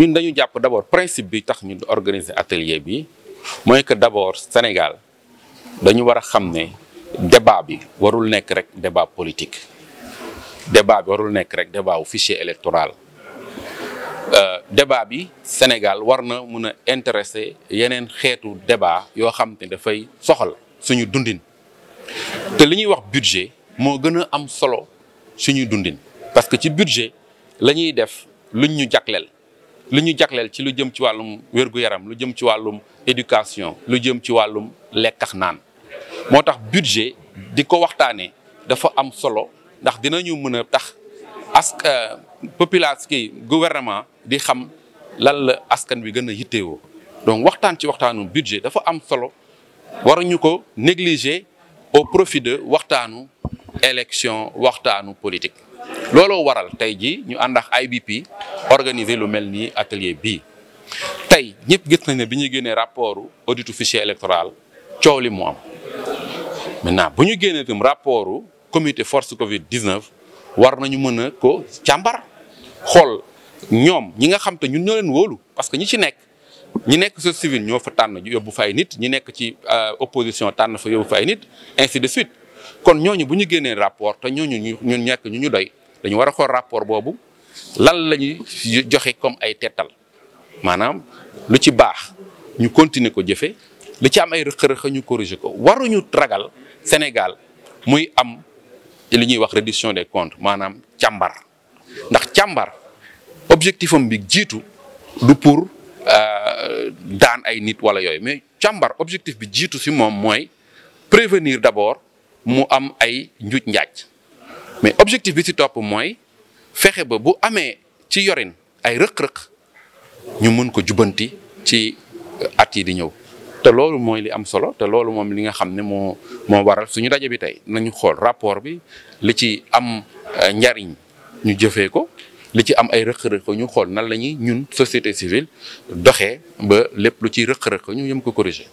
ñun dañu jàpp d'abord principe bi tax ñu organiser atelier bi mooy que d'abord Sénégal dañu war a xam ne débat bi warul nekk rek débat politique débat bi warul nekk rek débat wu fichier électoral euh, débat bi Sénégal war na mun a intéresser yeneen xeetu débat yoo xam ne dafay soxal suñu dundin te li ñuy wax budget moo gën a am solo suñu dundin parce que ci budget la def luñ ñu jagleel lu ñu jagleel ci lu jëm ci wàllum wér-gu-yaram lu jëm ci wàllum éducation lu jëm ci wàllum lekkax naan moo tax budget di ko waxtaanee dafa am solo ndax dinañu mën a tax as euh, population ki gouvernement di xam lan la askan wi gën a yittewoo donc waxtaan ci waxtaanu budget dafa am solo waruñu ko négliger au profit de waxtaanu élection waxtaanu politique looloo waral tey jii ñu ànd ak IBP organiser lu mel nii atelier bii tey ñëpp gis nañ ne bi ñuy génnee rapport auditu fichier électoral coow li mu am maintenant bu ñu génnee itam rapport commité force Covid 19 war nañu mën a ko càmbar xool ñoom ñi nga xam te ñun ñoo leen woolu parce que ñi ci nekk ñi nekk société civile ñoo fa tànn yóbbu fay nit ñi nekk ci euh, opposition tànn fa yóbbu fa ay nit ainsi de suite kon ñooñu bu ñu génnee rapport te ñooñu ñu ñun ñekk ñu ñu doy. dañu war a xool rapport boobu lan la ñuy joxe comme ay tettal maanaam lu ci baax ñu continuer ko jëfe lu ci am ay rëq-rëq ñu corriger ko waruñu ragal Sénégal muy am li ñuy wax reddition des comptes maanaam càmbar ndax càmbar objectif am bi jiitu du pour euh, daan ay nit wala yooyu mais càmbar objectif bi jiitu si moom mooy prévenir d'abord mu am ay njuut njaaj mais objectif bi ci topp mooy fexe ba bu amee ci yorin ay rëq-rëq ñu mën ko jubbanti ci euh, at yi di ñëw te loolu mooy li am solo te loolu moom li nga xam ne moo moo waral suñu daje bi tey nañu xool rapport bi li ci am euh, njariñ ñu jëfee ko li ci am ay rëq-rëq ñu xool nan la ñuy ñun société civile doxe ba lépp lu ciy rëq-rëq ñu yëm ko corriger